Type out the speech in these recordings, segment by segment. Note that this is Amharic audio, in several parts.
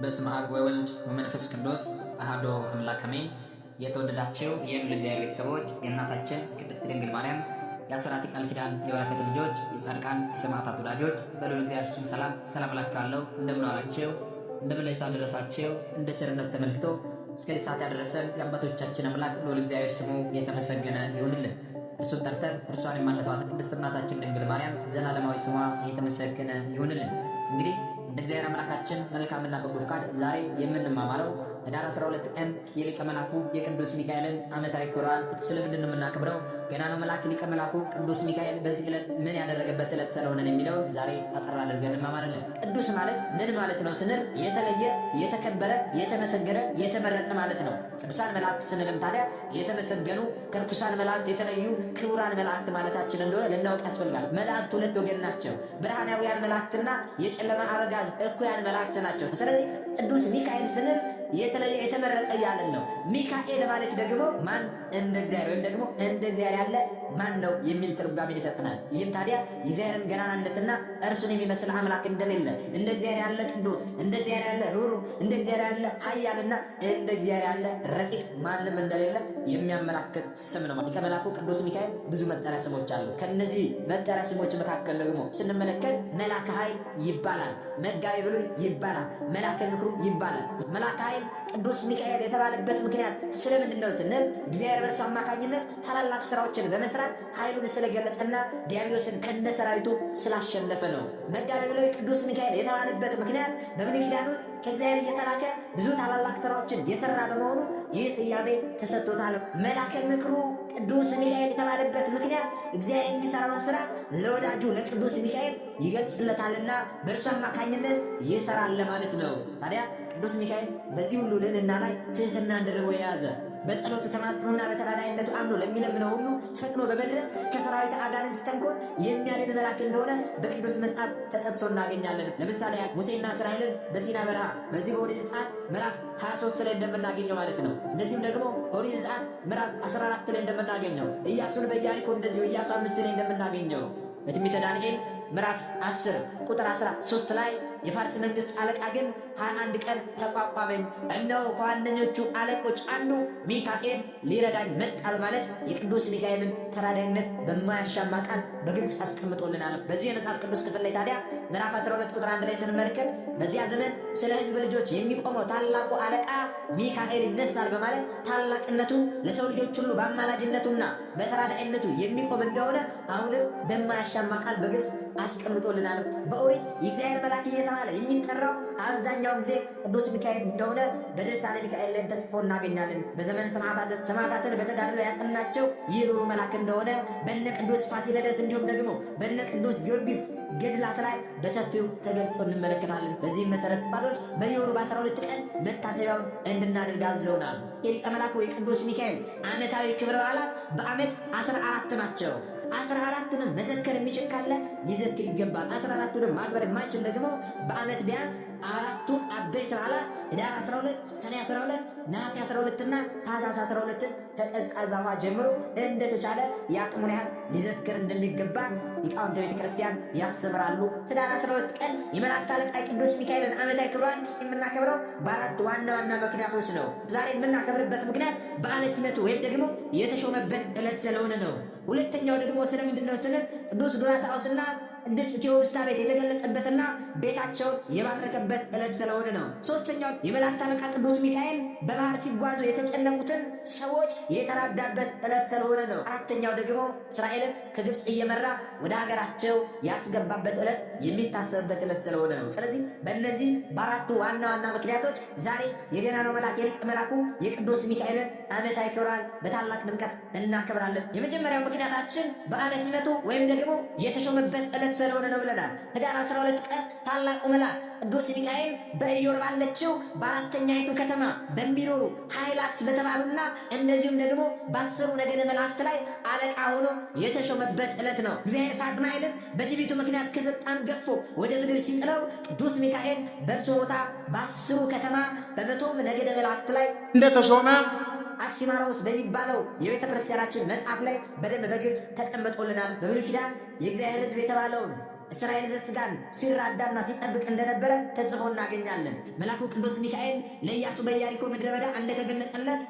በስመ አብ ወወልድ ወመንፈስ ቅዱስ አሐዱ አምላክ አሜን። የተወደዳችሁ የልዑል እግዚአብሔር ቤተሰቦች የእናታችን ቅድስት ድንግል ማርያም የአስራት ቃል ኪዳን የበረከት ልጆች የጻድቃን የሰማዕታት ወዳጆች በልዑል እግዚአብሔር ስም ሰላም ሰላም እላችኋለሁ። እንደምን ዋላችሁ? እንደምን ላይ እንደ ቸርነት ተመልክቶ እስከ ሰዓት ያደረሰን የአባቶቻችን አምላክ ልዑል እግዚአብሔር ስሙ የተመሰገነ ይሁንልን። እርሱን ጠርተን እርሷን የማንተዋት ቅድስት እናታችን ድንግል ማርያም ዘላለማዊ ስሟ የተመሰገነ ይሁንልን። እንግዲህ እግዚአብሔር አምላካችን መልካምና በጎ ፈቃድ ዛሬ የምንማማረው ህዳር 12 ቀን የሊቀ መላኩ የቅዱስ ሚካኤልን ዓመታዊ ክብረ በዓል ስለምንድን ነው የምናከብረው? ገና ነው መልአክ ሊቀ መላኩ ቅዱስ ሚካኤል በዚህ ዕለት ምን ያደረገበት ዕለት ስለሆነን የሚለው ዛሬ አጠር አድርገን እንማማራለን። ቅዱስ ማለት ምን ማለት ነው ስንል የተለየ የተከበረ የተመሰገነ የተመረጠ ማለት ነው። ቅዱሳን መላእክት ስንልም ታዲያ የተመሰገኑ ከርኩሳን መላእክት የተለዩ ክቡራን መላእክት ማለታችን እንደሆነ ልናውቅ ያስፈልጋል። መላእክት ሁለት ወገን ናቸው። ብርሃናዊያን መላእክትና የጨለማ አበጋዝ እኩያን መላእክት ናቸው። ስለዚህ ቅዱስ ሚካኤል ስንል የተመረጠ ያለን ነው። ሚካኤል ማለት ደግሞ ማን እንደ እግዚአብሔር ወይም ደግሞ እንደ እግዚአብሔር ያለ ማን ነው የሚል ትርጓሜን ይሰጥናል። ይህም ታዲያ የእግዚአብሔርን ገናናነትና እርሱን የሚመስል አምላክ እንደሌለ እንደ እግዚአብሔር ያለ ቅዱስ፣ እንደ እግዚአብሔር ያለ ሩሩ፣ እንደ እግዚአብሔር ያለ ኃያልና እንደ እግዚአብሔር ያለ ረቂቅ ማንም እንደሌለ የሚያመላክት ስም ነው። ከመላኩ ቅዱስ ሚካኤል ብዙ መጠሪያ ስሞች አሉ። ከነዚህ መጠሪያ ስሞች መካከል ደግሞ ስንመለከት መላከ ኃይል ይባላል፣ መጋቢ ብሉይ ይባላል፣ መላከ ምክሩ ይባላል። መላከ ኃይል ራፋኤል ቅዱስ ሚካኤል የተባለበት ምክንያት ስለምንድን ነው ስንል እግዚአብሔር በእርሱ አማካኝነት ታላላቅ ስራዎችን በመስራት ኃይሉን ስለገለጠና ዲያብሎስን ከነ ሰራዊቱ ስላሸነፈ ነው። መጋቢላዊ ቅዱስ ሚካኤል የተባለበት ምክንያት በብሉይ ኪዳን ውስጥ ከእግዚአብሔር እየተላከ ብዙ ታላላቅ ስራዎችን የሰራ በመሆኑ ይህ ስያሜ ተሰጥቶታል። መላከ ምክሩ ቅዱስ ሚካኤል የተባለበት ምክንያት እግዚአብሔር የሚሰራውን ስራ ለወዳጁ ለቅዱስ ሚካኤል ይገልጽለታልና በእርሱ አማካኝነት ይሰራል ለማለት ነው። ታዲያ ቅዱስ ሚካኤል በዚህ ሁሉ ልዕልና ላይ ትህትና እንደደቦ የያዘ በጸሎቱ ተማጽኖና በተራዳይነቱ አምኖ ለሚለምነው ሁሉ ፈጥኖ በመድረስ ከሰራዊት አጋንንት ተንኮል የሚያድን መልአክ እንደሆነ በቅዱስ መጽሐፍ ተጠቅሶ እናገኛለን። ለምሳሌ ሙሴና እስራኤልን በሲና በረሃ በዚህ በወደ ዘጸአት ምዕራፍ 23 ላይ እንደምናገኘው ማለት ነው። እንደዚሁም ደግሞ ኦሪት ዘጸአት ምዕራፍ 14 ላይ እንደምናገኘው ኢያሱን በኢያሪኮ እንደዚሁ ኢያሱ አምስት ላይ እንደምናገኘው በትንቢተ ዳንኤል ምዕራፍ 10 ቁጥር 13 ላይ የፋርስ መንግስት አለቃ ግን ሀያ አንድ ቀን ተቋቋመኝ። እነሆ ከዋነኞቹ አለቆች አንዱ ሚካኤል ሊረዳኝ መጣል ማለት የቅዱስ ሚካኤልን ተራዳይነት በማያሻማ ቃል በግልጽ አስቀምጦልናል። በዚህ የመጽሐፍ ቅዱስ ክፍል ላይ ታዲያ ምዕራፍ 12 ቁጥር 1 ላይ ስንመለከት በዚያ ዘመን ስለ ሕዝብ ልጆች የሚቆመው ታላቁ አለቃ ሚካኤል ይነሳል በማለት ታላቅነቱ ለሰው ልጆች ሁሉ በአማላጅነቱና በተራዳይነቱ የሚቆም እንደሆነ አሁንም በማያሻማ ቃል በግልጽ አስቀምጦልናል። በኦሪት የእግዚአብሔር መልአክ እየተባለ የሚጠራው አብዛኛው በየትኛውም ጊዜ ቅዱስ ሚካኤል እንደሆነ በድርሳነ ሚካኤል ላይ ተጽፎ እናገኛለን። በዘመነ ሰማዕታትን በተጋድሎ ያጸናቸው ይህ ሩሩ መልአክ እንደሆነ በነ ቅዱስ ፋሲለደስ እንዲሁም ደግሞ በነ ቅዱስ ጊዮርጊስ ገድላት ላይ በሰፊው ተገልጾ እንመለከታለን። በዚህም መሰረት ባቶች በየወሩ በ12 ቀን መታሰቢያውን እንድናደርግ አዘውናል። የሊቀ መላእክት ወይ ቅዱስ ሚካኤል ዓመታዊ ክብረ በዓላት በዓመት 14 ናቸው። አስራ አራቱንም መዘከር የሚችል ካለ ሊዘክር ይገባል። አስራ አራቱንም ማክበር የማይችል ደግሞ በዓመት ቢያንስ አራቱን አበይት በዓላት ህዳር 12 ሰኔ 12 ነሐሴ 12 እና ታህሳስ 12 ከቀዝቃዛ ጀምሮ እንደተቻለ የአቅሙን ያህል ሊዘክር እንደሚገባ ሊቃውንተ ቤተ ክርስቲያን ያስተምራሉ። ህዳር 12 ቀን የመላእክት አለቃ ቅዱስ ሚካኤልን ዓመታዊ ክብሯን የምናከብረው በአራት ዋና ዋና ምክንያቶች ነው። ዛሬ የምናከብርበት ምክንያት በዓለ ሲመቱ ወይም ደግሞ የተሾመበት ዕለት ስለሆነ ነው። ሁለተኛው ደግሞ ስለምንድን ነው ስንል ቅዱስ ዱራታውስና እንድትኪዮ ውስታ ቤት የተገለጠበትና ቤታቸውን የባረከበት ዕለት ስለሆነ ነው። ሶስተኛው የመላእክት አለቃ ቅዱስ ሚካኤል በባህር ሲጓዙ የተጨነቁትን ሰዎች የተራዳበት ዕለት ስለሆነ ነው። አራተኛው ደግሞ እስራኤልን ከግብፅ እየመራ ወደ ሀገራቸው ያስገባበት ዕለት የሚታሰብበት ዕለት ስለሆነ ነው። ስለዚህ በእነዚህ በአራቱ ዋና ዋና ምክንያቶች ዛሬ የገናናው መልአክ የሊቀ መልአኩ የቅዱስ ሚካኤልን ዓመታዊ ክብራል በታላቅ ድምቀት እናከብራለን። የመጀመሪያው ምክንያታችን በዓለ ሲመቱ ወይም ደግሞ የተሾመበት ዕለት ስለሆነ ነው ብለናል። ህዳር 12 ቀን ታላቁ መልአክ ቅዱስ ሚካኤል በኢዮር ባለችው በአራተኛይቱ ከተማ በሚኖሩ ኃይላት በተባሉና እነዚሁም ደግሞ በአስሩ ነገደ መላእክት ላይ አለቃ ሆኖ የተሾመበት ዕለት ነው። እግዚአብሔር ሳጥናኤልን በትዕቢቱ ምክንያት ከስልጣን ገፎ ወደ ምድር ሲጥለው ቅዱስ ሚካኤል በእርሱ ቦታ በአስሩ ከተማ በመቶም ነገደ መላእክት ላይ እንደተሾመ አክሲማሮስ በሚባለው የቤተ ክርስቲያናችን መጽሐፍ ላይ በደንብ በግልጽ ተቀምጦልናል። በብሉይ ኪዳን የእግዚአብሔር ሕዝብ የተባለውን እስራኤል ስጋን ሲራዳና ሲጠብቅ እንደነበረ ተጽፎ እናገኛለን። መልአኩ ቅዱስ ሚካኤል ለኢያሱ በኢያሪኮ ምድረ በዳ እንደተገለጸለት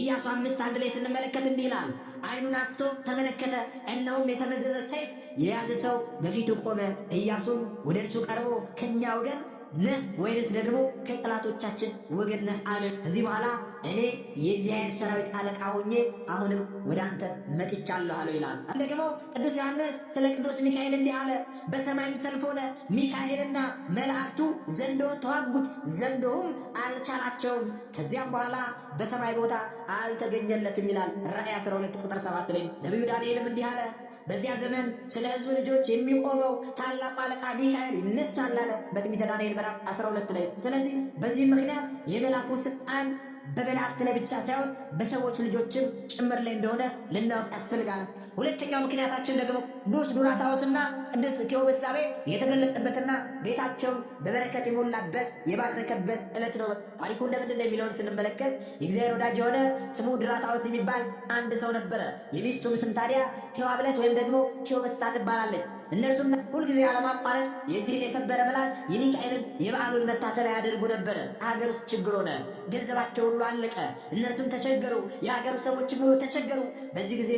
ኢያሱ አምስት አንድ ላይ ስንመለከት እንዲህ ይላል። አይኑን አስቶ ተመለከተ፣ እነሆም የተመዘዘ ሰይፍ የያዘ ሰው በፊቱ ቆመ። ኢያሱም ወደ እርሱ ቀርቦ ከእኛ ወገን ነህ ወይንስ ደግሞ ከጠላቶቻችን ወገን ነህ አለ። ከዚህ በኋላ እኔ የእግዚአብሔር ሰራዊት አለቃ ሆኜ አሁንም ወደ አንተ መጥቻለሁ አለው ይላል። ደግሞ ቅዱስ ዮሐንስ ስለ ቅዱስ ሚካኤል እንዲህ አለ፣ በሰማይም ሰልፍ ሆነ፣ ሚካኤልና መላእክቱ ዘንዶውን ተዋጉት፣ ዘንዶውም አልቻላቸውም። ከዚያም በኋላ በሰማይ ቦታ አልተገኘለትም ይላል ራእይ 12 ቁጥር 7 ላይ ነቢዩ ዳንኤልም እንዲህ አለ በዚያ ዘመን ስለ ህዝብ ልጆች የሚቆመው ታላቁ አለቃ ሚካኤል ይነሳል አለ በትንቢተ ዳንኤል ምዕራፍ 12 ላይ። ስለዚህ በዚህም ምክንያት የመላኩ ስልጣን በመላእክት ላይ ብቻ ሳይሆን በሰዎች ልጆችም ጭምር ላይ እንደሆነ ልናወቅ ያስፈልጋል። ሁለተኛው ምክንያታችን ደግሞ ቅዱስ ዱራታዎስና ቅድስት ቴዎብሳቤ የተገለጠበትና ቤታቸው በበረከት የሞላበት የባረከበት ዕለት ነው። ታሪኩ እንደምንድን ነው የሚለውን ስንመለከት የእግዚአብሔር ወዳጅ የሆነ ስሙ ዱራታዎስ የሚባል አንድ ሰው ነበረ። የሚስቱም ስም ታዲያ ቴዋብለት ወይም ደግሞ ቴዎብሳ ትባላለች። እነርሱም ሁልጊዜ አለማቋረጥ የዚህን የከበረ በዓል የሚካኤልን የበዓሉን መታሰቢያ ያደርጉ ነበረ። አገር ውስጥ ችግር ሆነ፣ ገንዘባቸው ሁሉ አለቀ። እነርሱም ተቸገሩ፣ የሀገሩ ሰዎች ሁሉ ተቸገሩ። በዚህ ጊዜ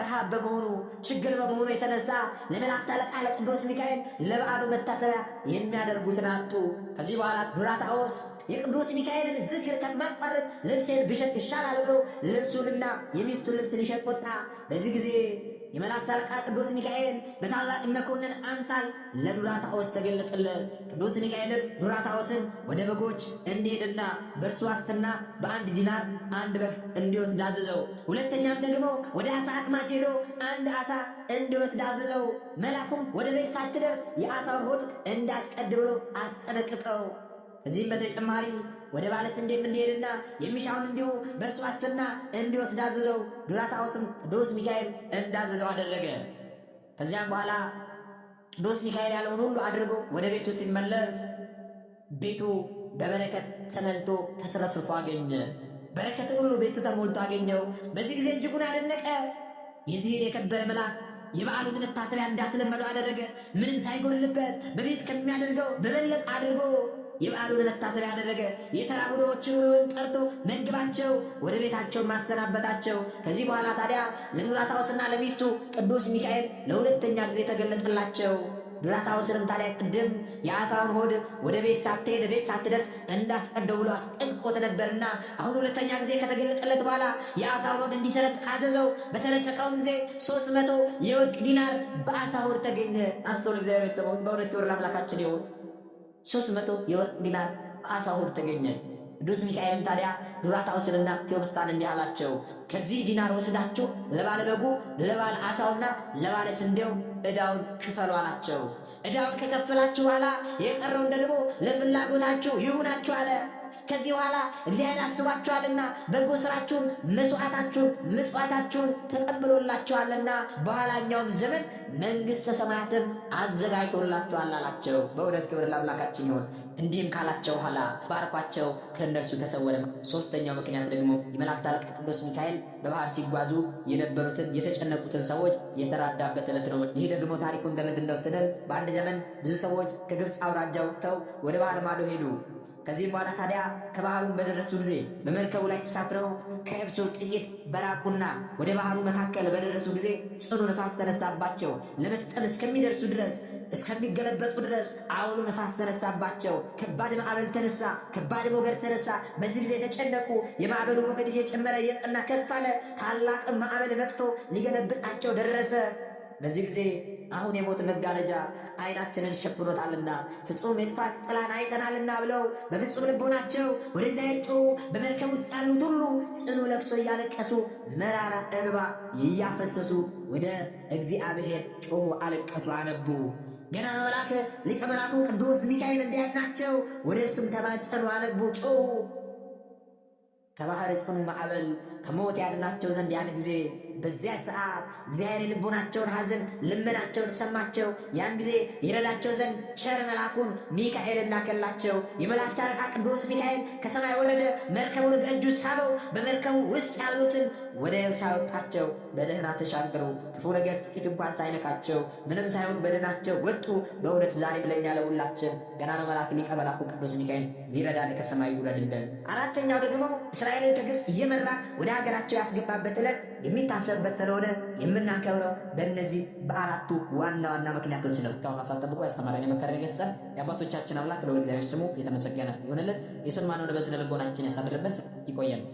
ረሃብ በመሆኑ ችግር በመሆኑ የተነሳ ለመላእክት አለቃ ለቅዱስ ሚካኤል ለበዓሉ መታሰቢያ የሚያደርጉትን አጡ። ከዚህ በኋላ ዱራታዎስ የቅዱስ ሚካኤልን ዝክር ከማቋረጥ ልብሴን ብሸጥ ይሻላል ብሎ ልብሱንና የሚስቱን ልብስ ሊሸጥ ወጣ። በዚህ ጊዜ የመላእክት አለቃ ቅዱስ ሚካኤል በታላቅ መኮንን አምሳል ለዱራታዎስ ተገለጠለት። ቅዱስ ሚካኤልም ዱራታዎስን ወደ በጎች እንዲሄድና በእርሱ ዋስትና በአንድ ዲናር አንድ በግ እንዲወስድ አዘዘው። ሁለተኛም ደግሞ ወደ አሳ አክማች ሄዶ አንድ አሳ እንዲወስድ አዘዘው። መልአኩም ወደ ቤት ሳትደርስ የአሳውን ሆድ እንዳትቀድ ብሎ አስጠነቅቀው። እዚህም በተጨማሪ ወደ ባለ ስንዴም እንዲሄድና የሚሻውን እንዲሁ በእርሱ ዋስትና እንዲወስድ አዘዘው። ዱራታውስም ቅዱስ ሚካኤል እንዳዘዘው አደረገ። ከዚያም በኋላ ቅዱስ ሚካኤል ያለውን ሁሉ አድርጎ ወደ ቤቱ ሲመለስ ቤቱ በበረከት ተመልቶ ተትረፍርፎ አገኘ። በረከት ሁሉ ቤቱ ተሞልቶ አገኘው። በዚህ ጊዜ እጅጉን አደነቀ። የዚህን የከበረ መልአክ የበዓሉን መታሰቢያ እንዳስለመደው አደረገ። ምንም ሳይጎልበት በቤት ከሚያደርገው በበለጥ አድርጎ የበዓሉን መታሰቢያ አደረገ። የተራቡ ጠርቶ መግባቸው፣ ወደ ቤታቸው ማሰናበታቸው። ከዚህ በኋላ ታዲያ ለኑራታውስና ለሚስቱ ቅዱስ ሚካኤል ለሁለተኛ ጊዜ ተገለጠላቸው። ስርምታ ላይ ቅድም የአሳውን ሆድ ወደ ቤት ሳትሄድ ቤት ሳትደርስ እንዳትቀደው ብሎ አስጠንቅቆት ነበርና አሁን ሁለተኛ ጊዜ ከተገለጠለት በኋላ የአሳውን ሆድ እንዲሰረት ካዘዘው በሰረቀቀውም ጊዜ ሶስት መቶ የወርቅ ዲናር በአሳ ሆድ ተገኘ። አስተውል እግዚአብሔር ቤተሰቦች፣ በእውነት ክብር ለአምላካችን ይሁን። ሶስት መቶ የወርቅ ዲናር በአሳ ሆድ ተገኘ። ቅዱስ ሚካኤልን ታዲያ ዱራታውስንና ቴዎብስታን እንዲህ አላቸው፣ ከዚህ ዲናር ወስዳችሁ ለባለ በጉ ለባለ አሳውና ለባለ ስንዴው ዕዳውን ክፈሉ አላቸው። ዕዳውን ከከፈላችሁ በኋላ የቀረውን ደግሞ ለፍላጎታችሁ ይሁናችሁ አለ። ከዚህ በኋላ እግዚአብሔር አስባችኋልና በጎ ስራችሁን፣ መስዋዕታችሁን ምጽዋታችሁን ተቀብሎላችኋልና በኋላኛውም ዘመን መንግሥተ ሰማያትን አዘጋጅቶላችኋል አላቸው። በእውነት ክብር ለአምላካችን ይሁን። እንዲህም ካላቸው ኋላ ባርኳቸው ከእነርሱ ተሰወረ። ሶስተኛው ምክንያት ደግሞ የመላእክት አለቃ ቅዱስ ሚካኤል በባህር ሲጓዙ የነበሩትን የተጨነቁትን ሰዎች የተራዳበት ዕለት ነው። ይህ ደግሞ ታሪኩን በምንድን ነው ስንል በአንድ ዘመን ብዙ ሰዎች ከግብፅ አውራጃ ወጥተው ወደ ባህር ማዶ ሄዱ። ከዚህ በኋላ ታዲያ ከባህሩን በደረሱ ጊዜ በመርከቡ ላይ ተሳፍረው ከየብሱ ጥቂት በራቁና ወደ ባህሩ መካከል በደረሱ ጊዜ ጽኑ ነፋስ ተነሳባቸው። ለመስጠም እስከሚደርሱ ድረስ እስከሚገለበጡ ድረስ አውሎ ነፋስ ተነሳባቸው። ከባድ ማዕበል ተነሳ፣ ከባድ ሞገድ ተነሳ። በዚህ ጊዜ ተጨነቁ። የማዕበሉ ሞገድ እየጨመረ እየጸና ከፍ አለ። ታላቅ ማዕበል መጥቶ ሊገለብጣቸው ደረሰ። በዚህ ጊዜ አሁን የሞት መጋረጃ አይናችንን ሸፍኖታልና ፍጹም የጥፋት ጥላን አይተናልና ብለው በፍጹም ልቦናቸው ወደዚያ ጩ በመርከብ ውስጥ ያሉት ሁሉ ጽኑ ለቅሶ እያለቀሱ መራራ እንባ እያፈሰሱ ወደ እግዚአብሔር ጮሁ፣ አለቀሱ፣ አነቡ። ገና መላክ ሊቀ መላኩ ቅዱስ ሚካኤል እንዲያድናቸው ወደ እርሱም ተማጸኑ፣ አነቡ፣ ጮሁ። ከባህር ጽኑ ማዕበል ከሞት ያድናቸው ዘንድ ያን ጊዜ በዚያ ሰዓት እግዚአብሔር የልቡናቸውን ሐዘን ልመናቸውን ሰማቸው። ያን ጊዜ ይረዳቸው ዘንድ ቸር መልአኩን ሚካኤል እናከላቸው። የመላእክት አለቃ ቅዱስ ሚካኤል ከሰማይ ወረደ፣ መርከቡን በእጁ ሳበው። በመርከቡ ውስጥ ያሉትን ወደ የብስ አወጣቸው። በደህና ተሻገሩ፣ ክፉ ነገር ጥቂት እንኳን ሳይነካቸው፣ ምንም ሳይሆን በደህናቸው ወጡ። በእውነት ዛሬ ብለኛ ለሁላችን ገና ነው መልአክ ሊቀ መልአኩ ቅዱስ ሚካኤል ሊረዳን ከሰማይ ይውረድልን። አራተኛው ደግሞ እስራኤልን ከግብፅ እየመራ ወደ ሀገራቸው ያስገባበት ዕለት የሚታሰ ሰንበት ስለሆነ የምናከብረው በእነዚህ በአራቱ ዋና ዋና ምክንያቶች ነው። እስካሁን አሳልጠብቆ ያስተማረን የመከረን የገሰጸን የአባቶቻችን አምላክ ለእግዚአብሔር ስሙ የተመሰገነ ይሆንልን። የሰማነውን በዝነ ልቦናችን ያሳድርብን። ይቆየን።